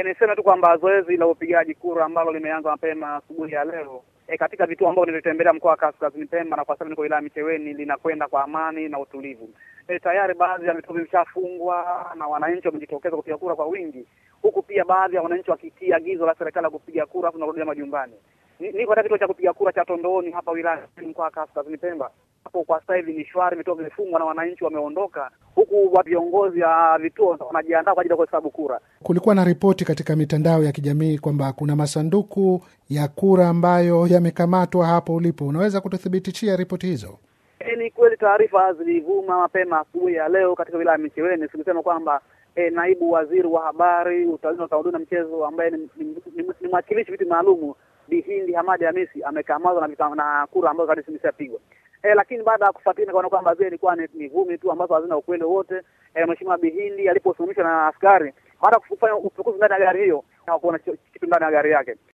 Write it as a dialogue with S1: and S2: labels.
S1: E, niseme tu kwamba zoezi la upigaji kura ambalo limeanza mapema asubuhi ya leo e, katika vituo ambavyo nilitembelea mkoa wa Kaskazini Pemba na kwa sasa niko wilaya Micheweni linakwenda kwa amani na utulivu. E, tayari baadhi ya vituo vimeshafungwa na wananchi wamejitokeza kupiga kura kwa wingi, huku pia baadhi ya wananchi wakitia agizo la serikali la kupiga kura afu narudia majumbani. Niko katika kituo cha kupiga kura cha Tondooni hapa wilaya mkoa wa Kaskazini Pemba hapo kwa sasa hivi mishwari vituo vimefungwa na wananchi wameondoka, huku wa viongozi wa vituo wanajiandaa kwa ajili ya kuhesabu kura.
S2: Kulikuwa na ripoti katika mitandao ya kijamii kwamba kuna masanduku ya kura ambayo yamekamatwa hapo ulipo. Unaweza kututhibitishia ripoti hizo?
S1: E, ni kweli taarifa zilivuma mapema asubuhi ya leo katika wilaya ya Micheweni zilisema kwamba e, naibu waziri wa habari, utalii na utamaduni na mchezo ambaye ni, ni, ni, ni mwakilishi viti maalumu Bihindi Hamadi Hamisi amekamazwa na, na kura ambazo kadi zimeshapigwa eh, lakini baada ya kufuatilia kuona kwamba zile ilikuwa ni vumi tu ambazo hazina ukweli wote. Eh, Mheshimiwa Bihindi aliposimamishwa na askari baada ya kufanya uchukuzi ndani ya gari hiyo na kuona kitu ndani ya gari yake.